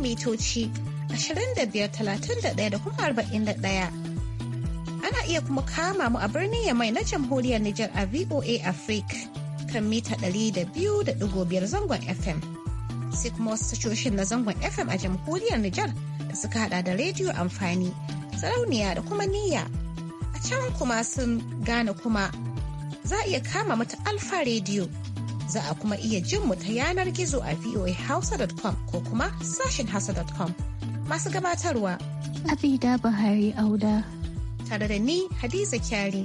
mitoci 2531 da kuma 41. Ana iya kuma kama mu a birnin Yamai na jamhuriyar Nijar a VOA Africa kan mita 200.5 zangon FM. Sai kuma wasu tashoshin na zangon FM a jamhuriyar Nijar da suka hada da rediyo amfani, sarauniya da kuma niyya. A can kuma sun gane kuma za a iya kama mata Alfa rediyo Za a kuma iya jin mu ta yanar gizo a voahausa.com ko kuma sashen hausa.com. Masu gabatarwa. Abida Buhari Auda. Tare da ni Hadiza Kyari.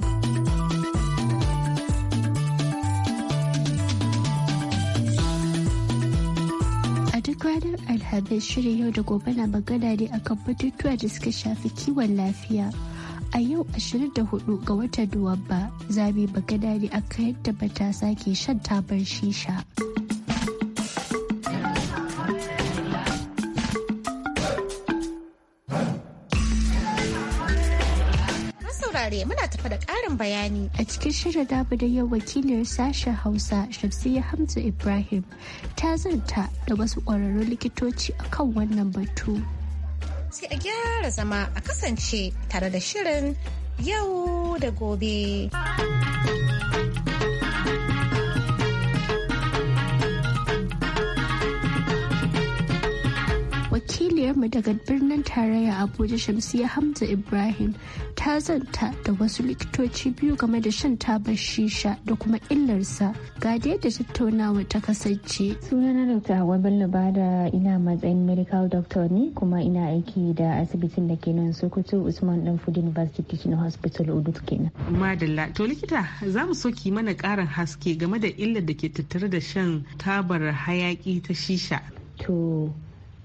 ranar alhamis shirin yau da gobe na magana ne akan batutuwa da suka shafi kiwon lafiya a yau 24 ga wata duwabba zabi bagadari aka yadda matasa sake shan tabar shisha. saurare muna tafa da ƙarin bayani. A cikin shirin dabu da yau wakiliyar sashen Hausa Shamsiyya Hamza Ibrahim ta zanta da wasu ƙwararrun likitoci akan wannan batu. sai a gyara zama a kasance tare da shirin yau da gobe. wakiliyarmu daga birnin tarayya abuja shamsiya hamza ibrahim ta zanta da wasu likitoci biyu game da shan tabar shisha da kuma illarsa ga da yadda tattaunawa ta kasance. Sunana Dr. Hawa Bello Bada ina matsayin medical doctor ne kuma ina aiki da asibitin da ke nan Sokoto Usman Danfodi University Teaching Hospital Udut kenan. Madalla to likita za mu so ki mana karin haske game da illar da ke tattare da shan tabar hayaki ta shisha. To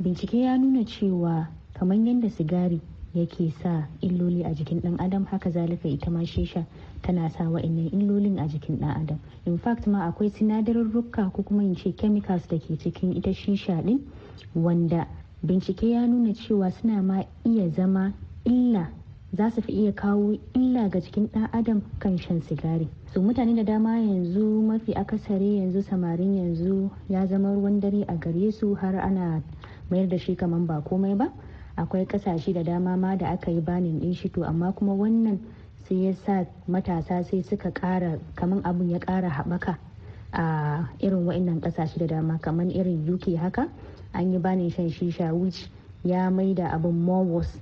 bincike ya nuna cewa kamar yadda sigari yake sa illoli a jikin dan adam haka zalika ita ma shisha tana sa wa'annan illolin a jikin dan adam in fact ma akwai sinadarurruka ko kuma in ce chemicals da ke cikin ita shisha din wanda bincike ya nuna cewa suna ma iya zama illa za su fi iya kawo illa ga jikin dan adam kan shan sigari su mutane da dama yanzu mafi akasari yanzu samarin yanzu ya zama ruwan dare a gare su har ana mayar da shi kamar ba komai ba akwai kasashe da dama ma da aka yi banin din shi to amma kuma wannan sai ya sa matasa sai suka kara kamar abun ya kara haɓaka a irin wa'annan kasashe da dama kamar irin uk haka an yi banin shan shisha which ya maida abun more worse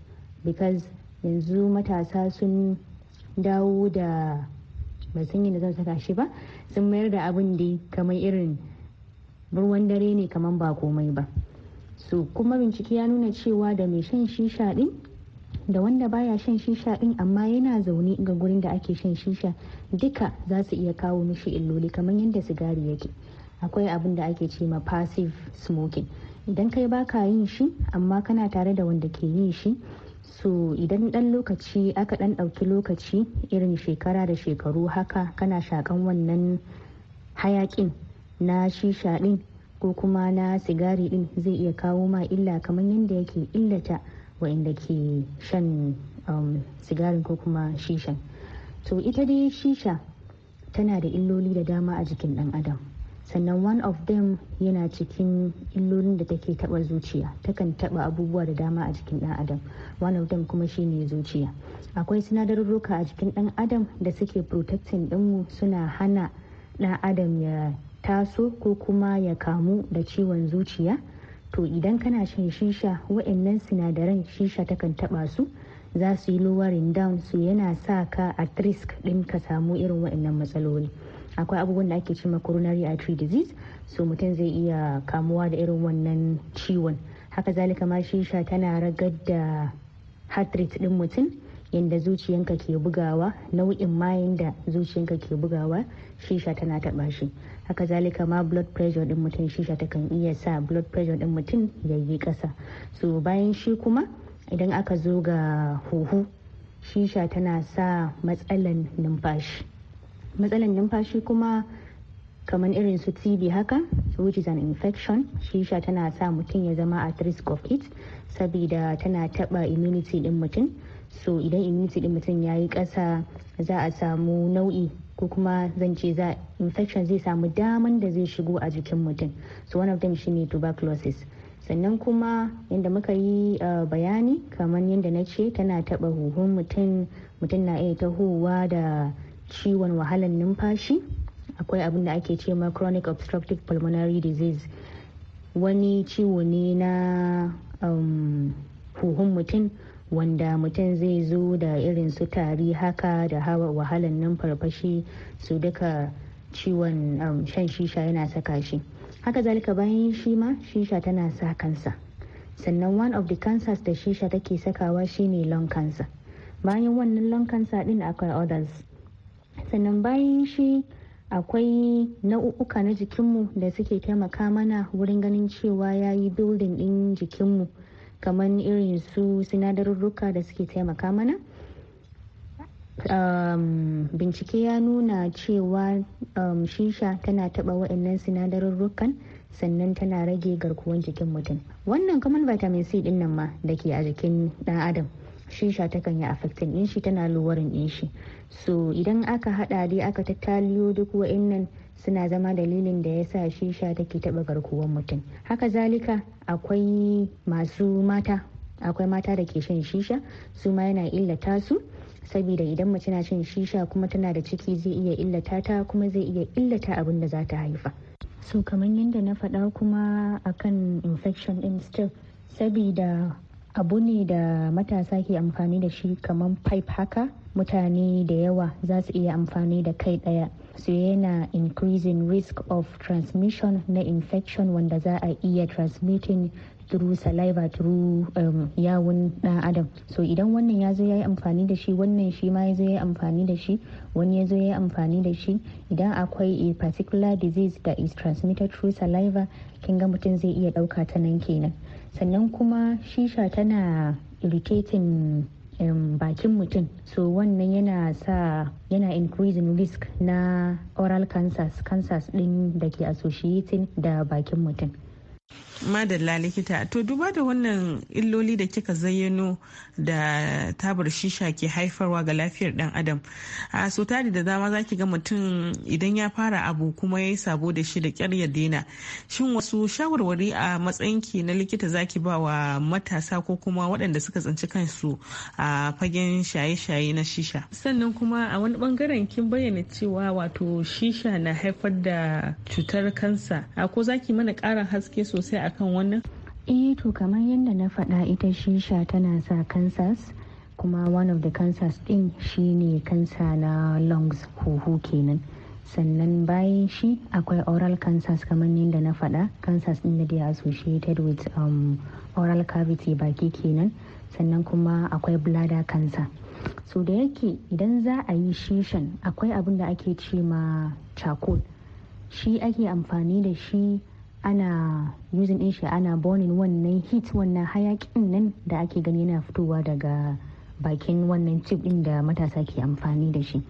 because yanzu matasa sun dawo da ba sun yi da zan saka shi ba sun mayar da abun da kamar irin ruwan dare ne kamar ba komai ba so kuma bincike ya nuna cewa da mai shan shisha din da wanda baya shan shisha din amma yana zaune ga gurin da ake shan shisha duka za su iya kawo mishi illoli kamar yadda sigari yake akwai abin da ake ce ma passive smoking idan kai baka yin shi amma kana tare da wanda ke yin shi so idan dan lokaci aka dan dauki lokaci irin shekara da shekaru haka kana shakan wannan hayakin na shisha din ko kuma na sigari din zai iya kawo ma illa kamar yadda yake illata wa'inda ke shan um, sigarin ko kuma shishan to ita dai shisha tana da illoli da dama a jikin dan adam sannan one of them yana cikin illolin da take taba zuciya takan taba abubuwa da dama a jikin dan adam one of them kuma shine zuciya akwai sinadarurruka a jikin dan adam da suke protecting dinmu suna hana dan adam ya taso ko kuma ya kamu da ciwon zuciya to idan kana shan shisha wa'annan sinadaran shisha takan taba su za su yi lowering down su yana sa ka at risk din ka samu irin wa'annan matsaloli akwai abubuwan da ake cewa coronary artery disease so mutum zai iya kamuwa da irin wannan ciwon haka zalika ma shisha tana ragar da heart rate din mutum yadda zuciyanka ke bugawa nau'in mayan da zuciyanka ke bugawa shisha tana taba shi haka zalika ma blood pressure din mutum shisha kan iya sa blood pressure din mutum ya yi kasa so bayan shi kuma idan aka zo ga huhu shisha tana sa matsalan numfashi matsalan numfashi kuma kamar irin su tb haka which is an infection shisha tana sa mutum ya zama at risk of it saboda tana taba immunity din mutum so idan immunity din mutum ya yi kasa za a samu nau'i ko kuma zan ce za infection zai samu daman da zai shigo a jikin mutum so one of them shine tuberculosis sannan kuma yadda muka yi uh, bayani kamar yadda na ce tana taba huhun mutum mutum na iya tahowa da ciwon wahalan numfashi akwai abin da ake ce ma chronic obstructive pulmonary disease wani ciwo ne na um, huhun mutum wanda mutum zai zo da irin su tari haka da hawa wahalan nan farfashi su duka ciwon um, shan shisha yana saka shi haka zalika bayan shi ma shisha tana sa kansa sannan one of the cancers da shisha take sakawa shine lung cancer bayan wannan lung cancer din akwai others sannan bayan shi akwai nau'uka na jikinmu da suke taimaka mana wurin ganin cewa ya yi building din jikinmu kamar irin su sinadarurruka da suke taimaka mana um, bincike ya nuna cewa um, shisha tana taɓa wa'annan sinadarurrukan sannan tana rage garkuwan jikin mutum wannan kamar vitamin c din nan ma da ke a jikin ɗan adam shisha takan yi affecting din shi tana luwarin din shi so idan aka haɗa dai aka tattaliyo duk wa'annan suna zama dalilin da ya sa shisha take taɓa garkuwar mutum haka zalika akwai masu mata akwai mata da ke shan shisha su ma yana illata su saboda idan mace na shan shisha kuma tana da ciki zai iya illata ta kuma zai iya illata abin da za ta haifa so kamar yadda na faɗa kuma akan infection din still saboda abu ne da matasa ke amfani da shi kamar pipe haka mutane da yawa za su iya amfani da kai daya su yana increasing risk of transmission na infection wanda za a iya transmitting through saliva through um, yawun dan adam so idan wannan ya zo ya yi amfani da shi wannan shi ma ya zo ya yi amfani da shi wani ya zo ya yi amfani da shi idan akwai a particular disease that is transmitted through saliva kin ga mutum zai iya ɗauka ta nan kenan sannan kuma shisha tana irritating um, bakin mutum so wannan yana sa yana increasing risk na oral cancers cancers din da ke associating da bakin mutum madalla likita to duba da wannan illoli da kika zayyano da tabar shisha ke haifarwa ga lafiyar dan adam a so tari da dama zaki ga mutum idan ya fara abu kuma ya yi sabo da shi da kyar ya daina shin wasu shawarwari a matsayinki na likita zaki ba wa matasa ko kuma waɗanda suka tsinci kansu a fagen shaye-shaye na shisha sannan kuma a wani bangaren kin bayyana cewa wato shisha na haifar da cutar kansa ko zaki mana ƙarin haske sosai a akan wannan eh to kamar yadda na faɗa ita shisha tana sa kansas kuma one of the kansas din shine kansa na lungs huhu kenan sannan bayan shi akwai oral cancers kamar yadda na faɗa cancers ɗin da they associated with um, oral cavity baki kenan sannan kuma akwai bladder cancer so da yake idan za a yi shishan akwai abin da ake ce ma charcoal shi ake amfani da shi ana using din shi ana burning wannan heat wannan hayakin nan da ake gani yana fitowa daga bakin wannan chip din da matasa ke amfani da shi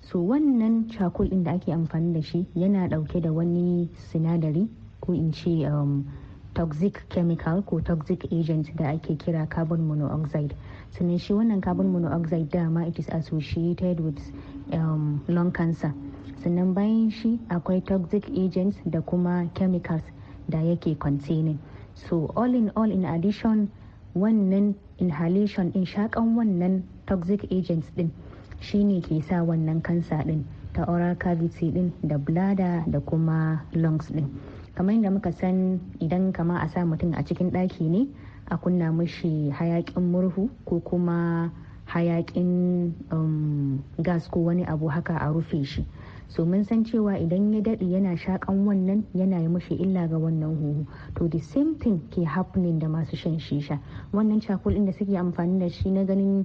so wannan charcoal din da ake amfani da shi yana dauke da wani sinadari ko in ce um, toxic chemical ko toxic agent da ake kira carbon monoxide sannan shi wannan carbon monoxide dama it is associated with um, lung cancer sannan bayan shi akwai toxic agents da kuma chemicals da yake containing so all in all in addition wannan inhalation in shakan wannan toxic agents din shine ke sa wannan kansa din ta oral cavity din da bladder da kuma lungs din kamar yadda muka san idan kama a sa mutum a cikin daki ne a kunna mashi hayakin murhu ko kuma hayakin um, gas ko wani abu haka a rufe shi so mun san cewa idan ya daɗe yana shakan wannan yana yi mashi illa ga wannan huhu to the same thing ke happening da masu shan shisha wannan cakul da suke amfani da shi na ganin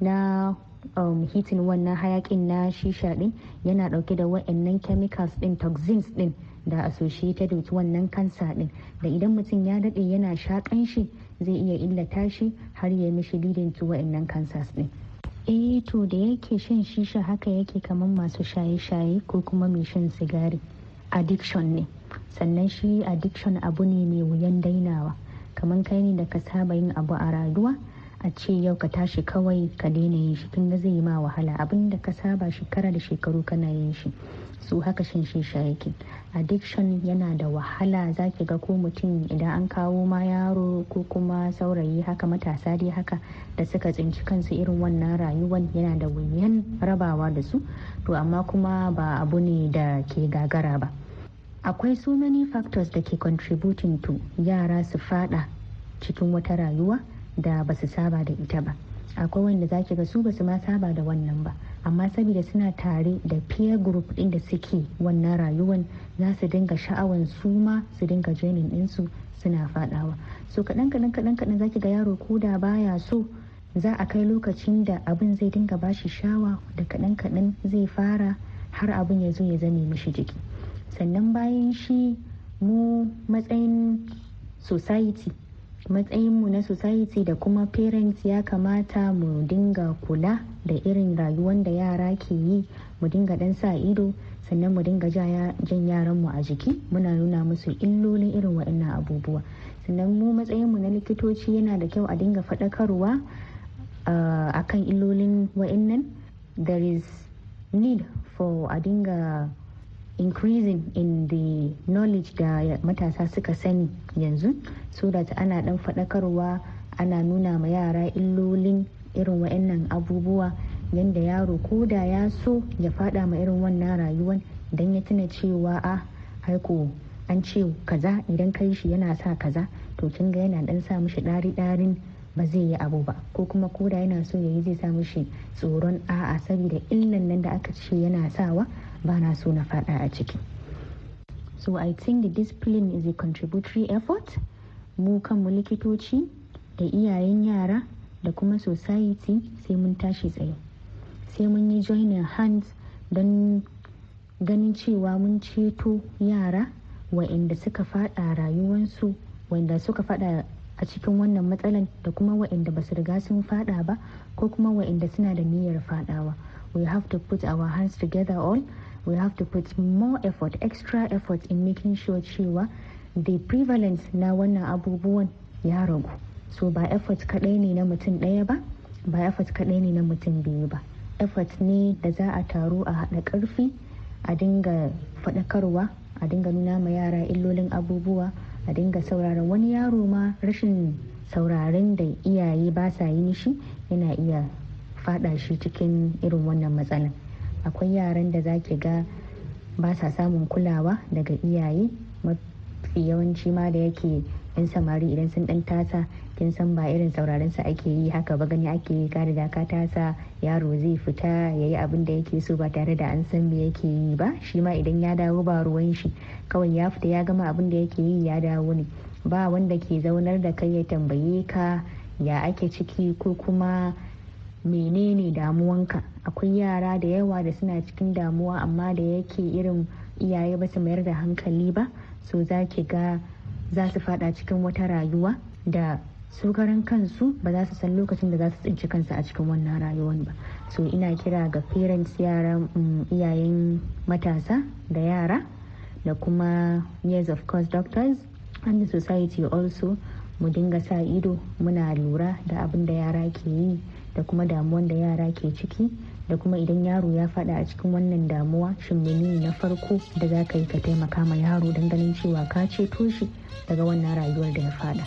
na um, hitin wannan hayakin na shisha din yana dauke da wa'annan chemicals din toxins din da associated with wannan kansa din da idan mutum ya daɗe yana shakan shi zai iya illata shi har ya mishi leading to wa'annan cancers din eh to da yake shan shisha haka yake kamar masu shaye-shaye ko kuma mai shan sigari addiction ne sannan shi addiction abu ne mai wuyan dainawa kamar kai ne da ka saba yin abu a rayuwa a ce yau ka tashi kawai ka daina yin shi kinga zai ma wahala abinda ka saba shekara da shekaru kana yin shi su haka shan shisha yake addiction yana da wahala za ki ga ko mutum idan an kawo ma yaro ko kuma saurayi haka matasa dai haka da suka tsinci kansu irin wannan rayuwan yana da wuyan rabawa da su to amma kuma ba abu ne da ke gagara ba akwai so many factors da ke contributing to yara su fada cikin wata rayuwa da ba su saba da ita ba akwai wanda za ki ga su ba su ma saba da wannan ba amma saboda suna tare da peer group din da suke wannan rayuwan za su dinga sha'awan su ma su dinga joinin ɗinsu suna fadawa so kaɗan kaɗan kaɗan kaɗan za ki ga yaro ko da baya so za a kai lokacin da abin zai dinga bashi shawa da kaɗan kaɗan zai fara har abin ya zo ya zame mishi jiki sannan bayan shi mu matsayin society matsayinmu na society da kuma parents ya kamata mu dinga kula da irin rayuwar da yara ke yi mu dinga dan sa ido sannan mu dinga jan mu a jiki muna nuna musu illolin irin waɗannan abubuwa sannan mu matsayinmu na likitoci yana da kyau a dinga faɗakarwa a kan illolin waɗannan there is need for a dinga increasing in the knowledge da matasa suka sani yanzu so that ana dan faɗakarwa ana nuna ma yara illolin irin wa'annan abubuwa yadda yaro ko da ya so ya fada ma irin wannan rayuwan don ya tuna cewa a ah, haiko an ce kaza idan kai shi yana sa kaza to kin ga yana dan sa mushi ɗari ɗarin ba zai yi abu ba ko kuma koda yana so ya yi zai sa mishi tsoron a'a saboda illan nan da aka ce yana sawa ba na so na fada a ciki so i think the discipline is a contributory effort mu kanmu likitoci da iyayen yara da kuma society sai mun tashi tsaye sai mun yi joining hands don ganin cewa mun ceto yara wa'inda suka fada rayuwansu wa'inda suka fada a cikin wannan matsalan da kuma wa'inda ba su riga sun fada ba ko kuma wa'inda suna da niyyar fadawa we have to put our hands together all we have to put more effort extra effort in making sure cewa the prevalence na wannan abubuwan ya ragu so ba effort kadai ne na mutum daya ba ba effort kadai ne na mutum biyu ba effort ne da za a taru a haɗa karfi a dinga faɗakarwa a dinga nuna ma yara illolin abubuwa a dinga sauraron wani yaro ma rashin sauraren da iyaye ba sa yi shi yana iya faɗa shi cikin irin wannan matsalan. akwai yaran da za ki ga ba sa samun kulawa daga iyaye mafi yawanci ma da yake yan samari idan sun dan tasa kin san ba irin sauraron su ake yi haka ba gani ake yi da ka tasa yaro zai fita ya yi abin da yake so ba tare da an san me yake yi ba shi ma idan ya dawo ba ruwan shi kawai ya fita ya gama abin da yake yi ya dawo ne ba wanda ke zaunar da kai ya tambaye ka ya ake ciki ko kuma menene damuwanka akwai yara da yawa da suna cikin damuwa amma da yake irin iyaye ba su mayar da hankali ba so za ki ga za su fada cikin wata rayuwa da sukaran kansu ba za su san lokacin da za su tsinci kansu a cikin wannan rayuwan ba so ina kira ga parents yara mm, iyayen matasa da yara da kuma years of course doctors and the society also mu dinga sa ido muna lura da abin da yara ke yi da kuma damuwan da yara ke ciki da kuma idan yaro ya fada a cikin wannan damuwa shin menene na farko da za ka yi ka taimaka ma yaro don ganin cewa ka ceto shi daga wannan rayuwar da ya fada.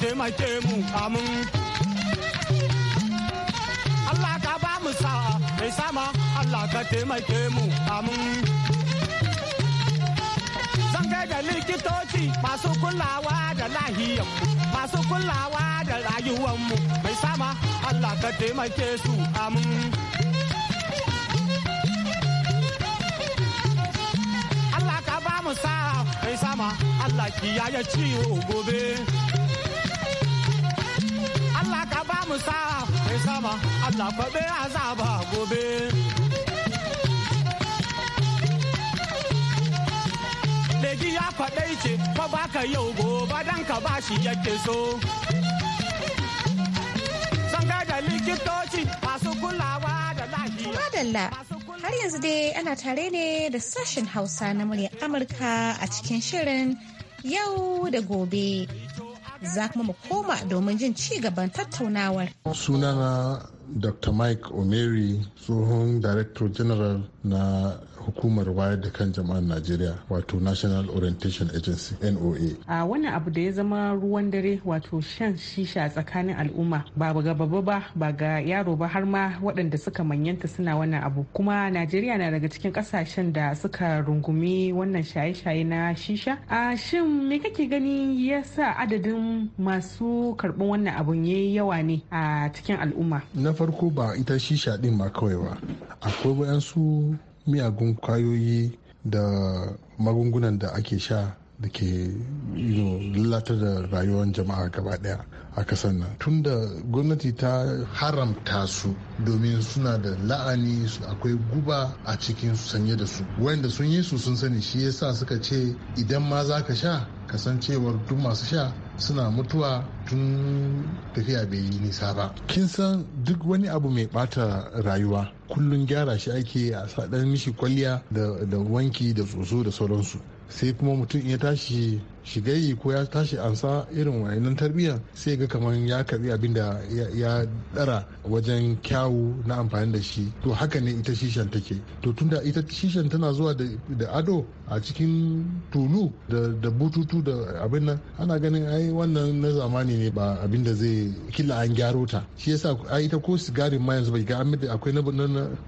taimake mu amin. Allah ka ba mu sa mai sama Allah ka taimake mu amin. Zan da likitoci masu kulawa da lahiyar masu kulawa da mu mai sama Allah ka taimake su amin. Allah ka ba mu sa mai sama Allah kiyaye ciwo gobe. mu sa'a mai sama Allah a azaba gobe. Legi ya kwaɗai ce fa baka yau gobe dan ka bashi yake so. Sanga da likitoci masu kulawa da lafiya. har yanzu dai ana tare ne da sashen hausa na muryar amurka a cikin shirin yau da gobe za kuma mu koma domin jin ci gaban tattaunawar. Sunana Dr. Mike Omeri, tsohon Director General na hukumar wayar da kan jama'ar najeriya wato national orientation agency noa a wannan abu da ya zama ruwan dare wato shan shisha tsakanin al'umma ba ga babba ba ba ga yaro ba har ma waɗanda suka manyanta suna wannan abu kuma najeriya na daga cikin ƙasashen da suka rungumi wannan shaye-shaye na shisha a shin me kake gani ya sa adadin masu karɓar wannan abun ya yawa ne a cikin al'umma na farko ba ita shisha ɗin ma kawai ba akwai wayansu miyagun kwayoyi da magungunan da ake sha da ke lalatar da rayuwar jama'a gaba daya a kasar nan tun da gwamnati ta haramta su domin suna da la'ani akwai guba a cikin sanye da su wanda sun yi su sun sani shi yasa suka ce idan ma za ka sha kasancewar duk masu sha suna mutuwa tun tafiya bai yi nisa ba kin san duk wani abu mai bata rayuwa kullum gyara shi ake a sadar mishi kwalliya da wanki da soso da sauransu sai kuma mutum ya tashi shigayi ko ya tashi ansa irin wayannan tarbiyya sai ga kamar ya karbi abin da ya dara wajen kyawu na amfani da shi to haka ne ita shishan take to tunda ita shishan tana zuwa da ado a cikin tulu da bututu da abin nan ana ganin ai wannan na zamani ne ba abin da zai kila an gyaro ta shi yasa ai ita ko sigarin ma yanzu bai ga an da akwai na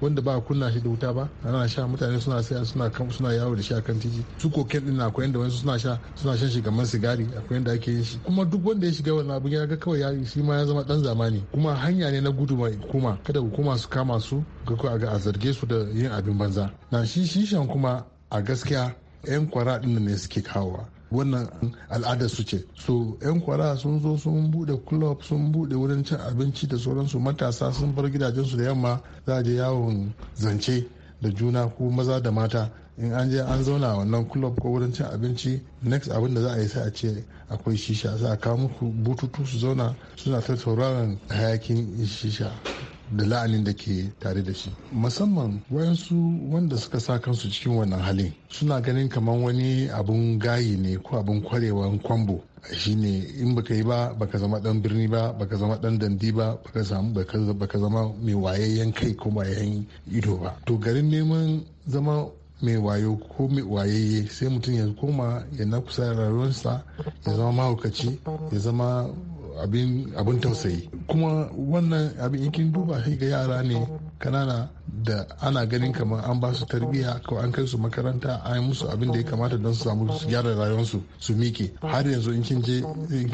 wanda ba kunna shi da wuta ba ana sha mutane suna sai suna suna yawo da shi akan titi su koken din akwai inda wasu suna sha suna sha shan shi kamar sigari akwai yadda ake yin shi kuma duk wanda ya shiga wannan abin ya ga kawai ya shi ma ya zama dan zamani kuma hanya ne na gudu mai hukuma kada hukuma su kama su ga ga a zarge su da yin abin banza na shi shishan kuma a gaskiya yan kwara din ne suke kawowa wannan al'adar su ce so yan kwara sun zo sun bude club sun bude wurin cin abinci da sauransu matasa sun bar gidajensu da yamma za a je yawon zance da juna ko maza da mata in an je an zauna wannan club ko wurin cin abinci next abin da za a yi sai a ce akwai shisha sai a kawo muku bututu su zauna suna ta tauraron hayakin shisha da la'anin da ke tare da shi musamman wayansu wanda suka sa kansu cikin wannan halin suna ganin kamar wani abun gayi ne ko abun kwarewan kwambo shine in baka yi ba baka zama dan birni ba baka zama dan dandi ba baka samu baka zama mai wayayyen kai ko wayayyen ido ba to garin neman zama mai wayo ko mai wayayye sai mutum ya koma ya na kusa rayuwarsa ya zama mahaukaci ya zama abin tausayi kuma wannan abin yakin duba sai ga yara ne kanana da ana ganin kamar an ba su tarbiyya ko an kai su makaranta an yi musu abin da ya kamata don su samu su gyara rayuwarsu su mike har yanzu in kin je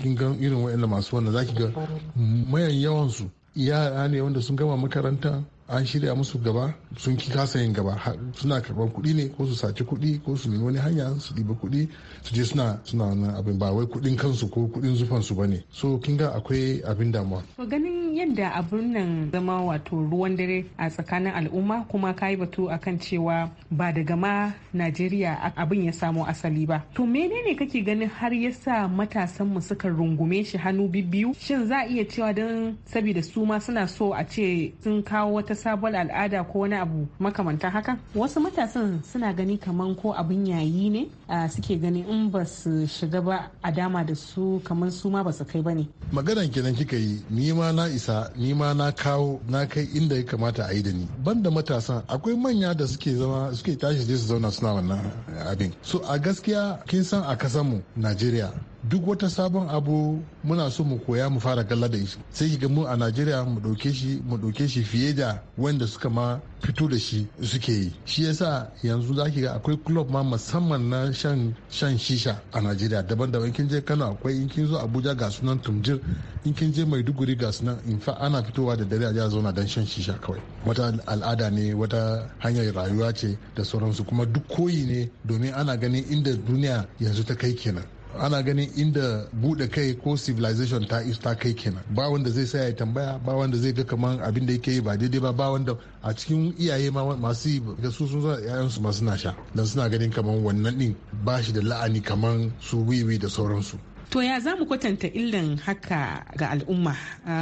in ga irin waɗanda masu wannan zaki ga mayan yawansu yara ne wanda sun gama makaranta an shirya musu gaba sun ki kasa yin gaba suna karban kuɗi ne ko su saci kuɗi ko su nemi wani hanya su ɗiba kuɗi su je suna suna abin ba wai kuɗin kansu ko kuɗin zufansu ba ne so kin ga akwai abin damuwa ganin yadda abin nan zama wato ruwan dare a tsakanin al'umma kuma ka yi batu kan cewa ba daga ma najeriya abin ya samo asali ba to menene kake ganin har ya sa matasan mu suka rungume shi hannu bibbiyu shin za a iya cewa don saboda su ma suna so a ce sun kawo wata sabuwar al'ada ko wani abu makamantan haka wasu matasan suna gani kaman ko abin yayi ne suke gani in ba su shiga ba a dama da su kaman su ma ba su kai ba ne maganan kenan kika yi ni ma na isa isa ni ma na kawo na kai inda ya kamata a yi da ni banda matasan akwai manya da suke zama suke tashi su zauna suna wannan abin so a gaskiya kin san a kasan mu najeriya duk wata sabon abu muna so mu koya mu fara kalla da shi sai ki ga mu a najeriya mu ɗauke shi mu ɗauke shi fiye da wanda suka ma fito da shi suke yi shi yasa yanzu za ki ga akwai club ma musamman na shan shan shisha a najeriya daban-daban kin je kano akwai in kin zo abuja ga sunan tumjir in kin je maiduguri ga sunan in fa ana fitowa da dare a ja zauna don shan shisha kawai wata al'ada ne wata hanyar rayuwa ce da sauransu kuma duk koyi ne domin ana ganin inda duniya yanzu ta kai kenan ana ganin inda bude kai ko civilization ta ta kai kenan ba wanda zai saya tambaya ba wanda zai ga kaman abin da yake yi ba daidai ba ba wanda a cikin iyaye ma masu yi da su sun zana yayan su masu nasha sha dan suna ganin kaman wannan din ba shi da la'ani kaman su wiwi da sauransu To ya za mu kwatanta illan haka ga al'umma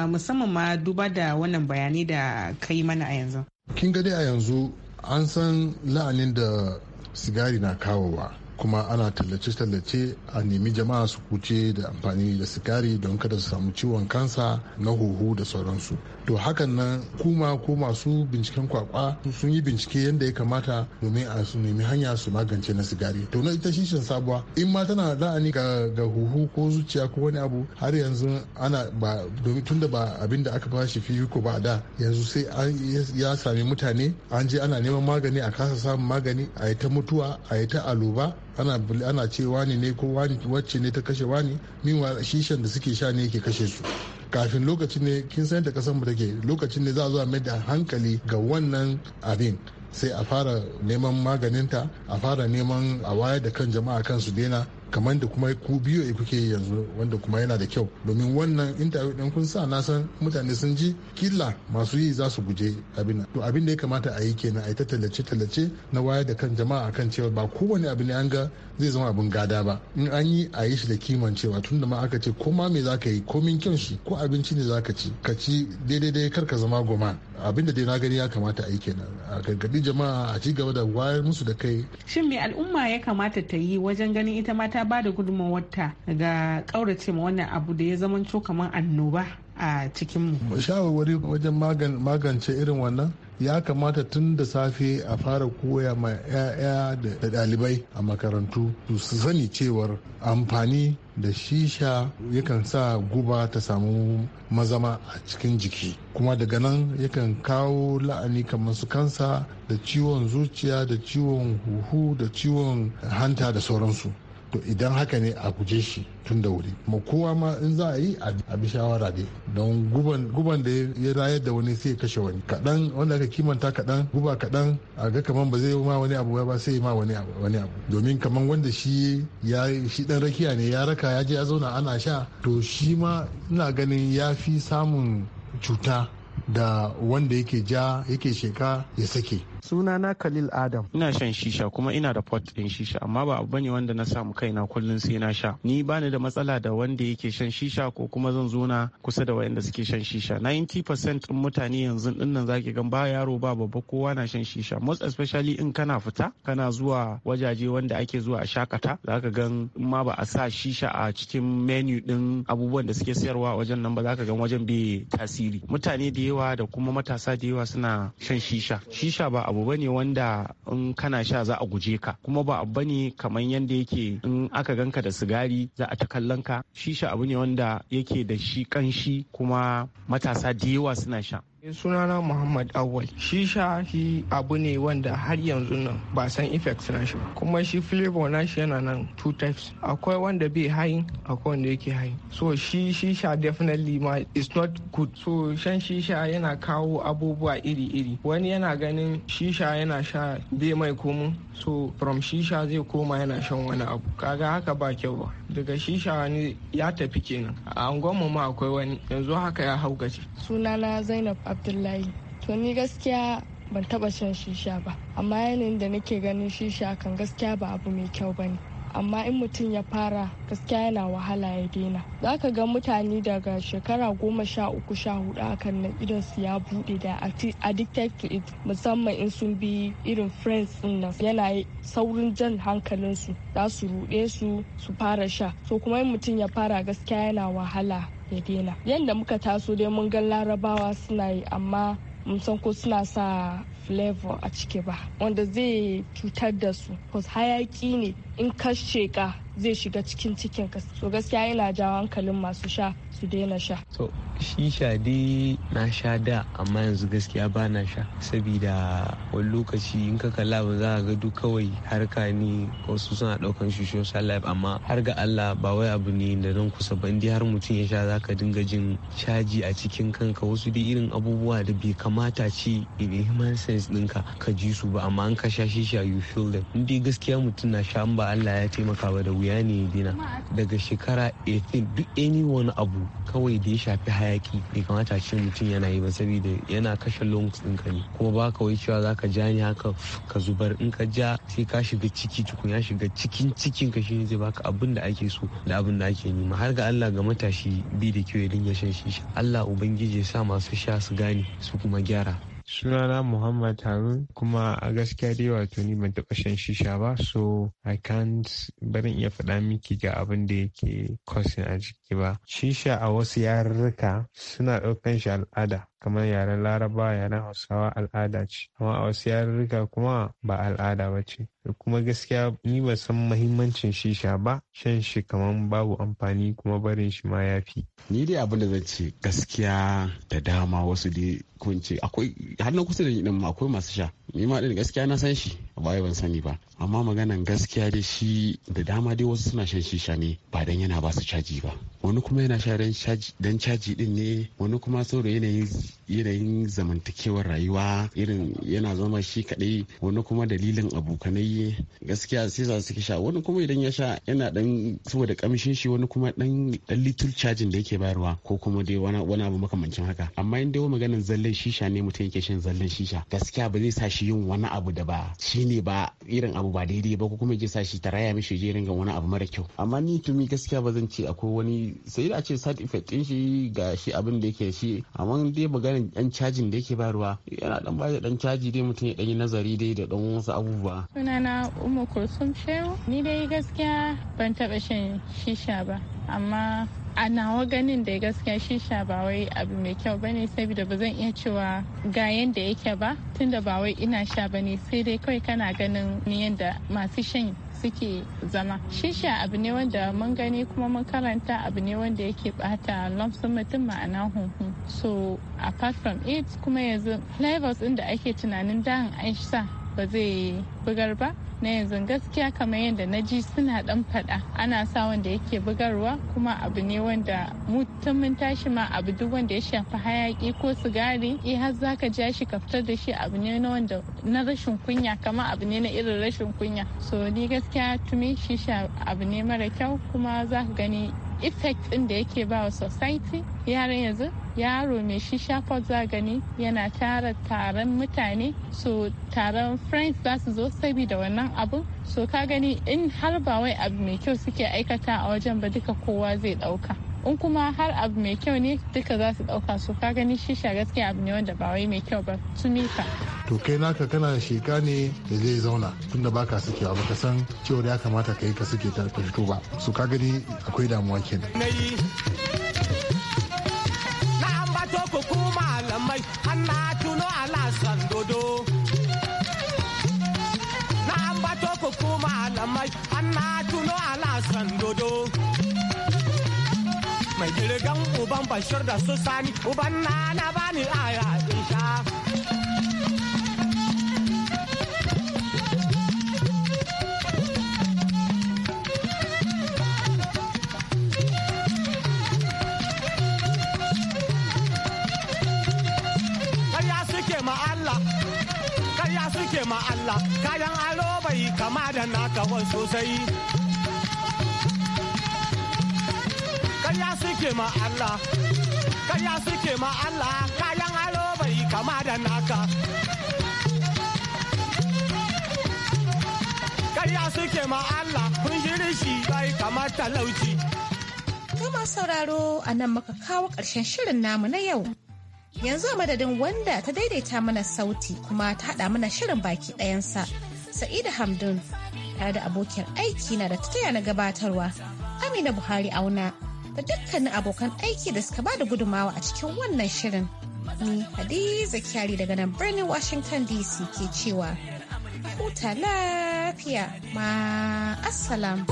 musamman ma duba da wannan bayanai da kai mana a yanzu. Kin ga dai a yanzu an san la'anin da sigari na kawowa kuma ana tallace-tallace a nemi jama'a su kuce da amfani da sigari don kada su samu ciwon kansa na huhu da sauransu to hakan nan kuma ko masu binciken kwakwa sun yi bincike yadda ya kamata domin a su nemi hanya su magance na sigari to na ita shishin sabuwa in ma tana la'ani ga, huhu ko zuciya ko wani abu har yanzu ana ba domin tunda ba abin da aka bashi fi ko ba da yanzu sai ya sami mutane an je ana neman magani a kasa samun magani a yi ta mutuwa a yi ta aluba ana ana ce wani ne ko wani wacce ne ta kashe wani minwa shishan da suke sha ne yake kashe su kafin lokacin ne kin san da kasan mu take lokacin ne za a zo a mai da hankali ga wannan abin sai a fara neman maganinta a fara neman a wayar da kan jama'a kan su dena. kamar da kuma ku biyu ya eh, kuke yanzu wanda kuma yana da kyau domin wannan interview din kun sa na san mutane sun ji killa masu yi za su guje abin to abin da ya kamata a yi kenan a yi ta tallace tallace na wayar da kan jama'a akan cewa ba kowane ne an ga zai zama abin gada ba in an yi a yi shi da kiman cewa tun da ma aka ce ko ma me za ka yi ko min kyan shi ko abinci ne za ka ci ka ci daidai dai kar ka zama goma abin da dai na gani ya kamata a yi kenan a gargadi jama'a a ci gaba da wayar musu da kai shin me al'umma ya kamata ta yi wajen ganin ita mata ta ba da gudunmawarta ga ƙaurace ma wannan abu da ya zamanto kamar annoba a cikinmu. shawarwari wajen magance irin wannan ya kamata tun da safe a fara koya ma 'ya'ya da ɗalibai a makarantu su sani cewar amfani da shisha yakan sa guba ta samu mazama a cikin jiki kuma daga nan yakan kawo la'ani kamar su kansa da ciwon zuciya da ciwon huhu da ciwon hanta da sauransu to idan haka ne a guje shi tun da wuri kuma kowa ma in za a yi a bi shawara ne don guban da ya rayar da wani sai kashe wani kaɗan wanda aka kimanta kaɗan guba kaɗan a ga kaman ba zai ma wani abu ba sai ma wani abu domin kamar wanda shi ya shi dan rakiya ne ya raka ya je ya zauna ana sha to shi ma ina ganin ya fi samun cuta da wanda yake ja yake sheka ya sake Suna na khalil adam ina shan shisha kuma ina da pot din shisha amma ba abu bane wanda na samu kaina kullun sai na sha ni bani da matsala da wanda yake shan shisha ko kuma zan zo na kusa da wayanda suke shan shisha 90% din mutane yanzu dinnan zaki gan ba yaro ba babba kowa na shan shisha most especially in kana fita kana zuwa wajaje wanda ake zuwa a shakata zaka gan ma ba a sa shisha a cikin menu din abubuwan da suke sayarwa wajen nan ba zaka gan wajen bai tasiri mutane da yawa da kuma matasa da yawa suna shan shisha shisha ba abu bane wanda in kana sha za a guje ka kuma ba abu bane kamar yadda yake in aka ganka da sigari za a ta kallon ka shisha abu ne wanda yake da shi kanshi kuma matasa da yawa suna sha Eh, sunana muhammad awal shi abu ne wanda har yanzu nan ba san effects na shi kuma shi flavor na shi yana nan two types akwai wanda bai hain akwai wanda yake hain so shi shisha definitely ma is not good so shan shisha yana kawo abubuwa iri-iri wani yana ganin shisha yana sha bai mai komo so from shisha zai koma yana shan wani abu kaga haka ba kyau ba daga shisha wani ya tafi kenan a angonmu ma akwai wani yanzu haka ya hau gaci sunana zainab abdullahi to ni gaskiya ban taba shan shisha ba amma yanayin da nake ganin shisha kan gaskiya ba abu mai kyau bane amma in mutum ya fara gaskiya yana wahala ya daina za ka ga mutane daga shekara goma sha uku sha hudu akan nan idon su ya bude da addicted to it musamman in sun bi irin friends din nan yana saurin jan hankalin su za su ruɗe su su fara sha so kuma in mutum ya fara gaskiya yana wahala ya daina yadda muka taso dai mun ga larabawa suna yi amma mun san ko suna sa flavor a ciki ba wanda zai cutar da su hayaki ne in ka sheka zai shiga cikin cikin ka so gaskiya yana jawo hankalin masu sha su daina sha to shisha dai na sha da amma yanzu gaskiya ba na sha saboda wani lokaci in ka kalla ba za ga duk kawai harka ne wasu suna daukan shi social amma har ga Allah ba wai abu ne da nan kusa ba indai har mutum ya sha za ka dinga jin caji a cikin kanka wasu dai irin abubuwa da bai kamata ci in human sense ɗinka ka ji su ba amma an ka sha shisha you feel them indai gaskiya mutum na sha ba Allah ya taimaka ba da wuya ne dina daga shekara 18 duk any wani abu kawai da ya shafi hayaki bai kamata ce mutum yana yi ba saboda yana kashe lungs din ka ne kuma ba ka wai cewa zaka ja ni haka ka zubar in ka ja sai ka shiga ciki tukun ya shiga cikin cikin ka shine zai baka abin da ake so da abin da ake nema har ga Allah ga matashi bi da kyau ya dinga shan shisha Allah ubangiji ya sa masu sha su gane su kuma gyara Sunana Muhammad Harun kuma a gaskiya dai wato ni ban taɓa shan shisha ba so I can't barin iya faɗa miki ga abin da yake kwasin a jiki ba. Shisha a wasu yarurruka suna ɗaukan shi al'ada kamar yaren laraba yaren hausawa al'ada ce amma a wasu yarurruka kuma ba al'ada ba ce kuma gaskiya ni ba san mahimmancin shisha ba shan shi kamar babu amfani kuma barin shi ma ya fi ni dai abin da zan ce gaskiya da dama wasu dai kun ce akwai hannun kusa da ni akwai masu sha ni ma din gaskiya na san shi ba ban sani ba amma maganan gaskiya da shi da dama dai wasu suna shan shisha ne ba dan yana ba su caji ba wani kuma yana sha dan caji din ne wani kuma saboda yanayin yanayin zamantakewar rayuwa irin yana zama shi kadai wani kuma dalilin abokanai gaskiya sai za su sha wani kuma idan ya sha yana dan saboda kamshin shi wani kuma dan dan little cajin da yake bayarwa ko kuma dai wani abu makamancin haka amma in dai maganan zallan shisha ne mutum yake shan zallan shisha gaskiya ba zai sa shi yin wani abu da ba shi ne ba irin abu ba daidai ba ko kuma yake sa shi ta raya mishi je ringa wani abu mara kyau amma ni tumi gaskiya ba zan ce akwai wani sai da ce side effect din shi ga shi abin da yake shi amma dai maganin dan cajin da yake bayarwa yana dan da dan caji dai mutum ya dan yi nazari dai da dan wasu abubuwa sunana umma kursum shehu ni dai gaskiya ban taba shan shisha ba amma a nawa ganin da gaskiya shisha ba wai abu mai kyau ba ne saboda ba zan iya cewa ga yadda yake ba tunda ba wai ina sha ba ne sai dai kawai kana ganin ni yadda masu shan suke zama shisha abu ne wanda mun gani kuma mun karanta abu ne wanda yake bata lamsun mutum ma'ana hunhu so apart from it kuma yanzu levels da ake tunanin da an sha ba zai bugar ba na yanzu gaskiya kamar yadda na ji suna dan fada ana sa wanda yake bugarwa kuma abu ne wanda mu mun tashi ma abu duk wanda ya shafi hayaki ko sigari eh har zaka ja shi ka fitar da shi abu ne na wanda na rashin kunya kamar abu ne na irin rashin kunya so ni gaskiya tumi shisha abu ne mara kyau kuma za ka gani effect ɗin da yake ba wa society yaran yanzu yaro mai shi shafa za gani yana tara taron mutane so taron friends za su zo saboda wannan abun so ka gani in har ba wai abu mai kyau suke aikata a wajen ba duka kowa zai ɗauka in kuma har abu mai kyau ne duka za su ɗauka su ka gani shisha gaskiya abu ne wanda ba wai mai kyau ba su mika to kai naka kana sheka ne da zai zauna tunda ba ka baka ba ka san cewa ya kamata ka yi ka suke ta fito ba su ka gani akwai damuwa kenan na dodo mai girgan uban bashir da su sani uban na na bani aya in suke ma Allah kayan aro bai kama da naka wasu sosai suke ma Allah karya suke ma Allah kayan aro bai kama da naka karya suke ma Allah kun shiri shi bai kama talauci Tuma sauraro a nan muka kawo ƙarshen shirin namu na yau yanzu a madadin wanda ta daidaita mana sauti kuma ta haɗa mana shirin baki ɗayansa Sa'idu hamdun tare da abokin aiki na da ta na gabatarwa amina buhari auna da dukkanin abokan aiki da suka ba da gudumawa a cikin wannan shirin. Ni Hadiza Kyari daga nan birnin Washington DC ke cewa huta lafiya ma assalam.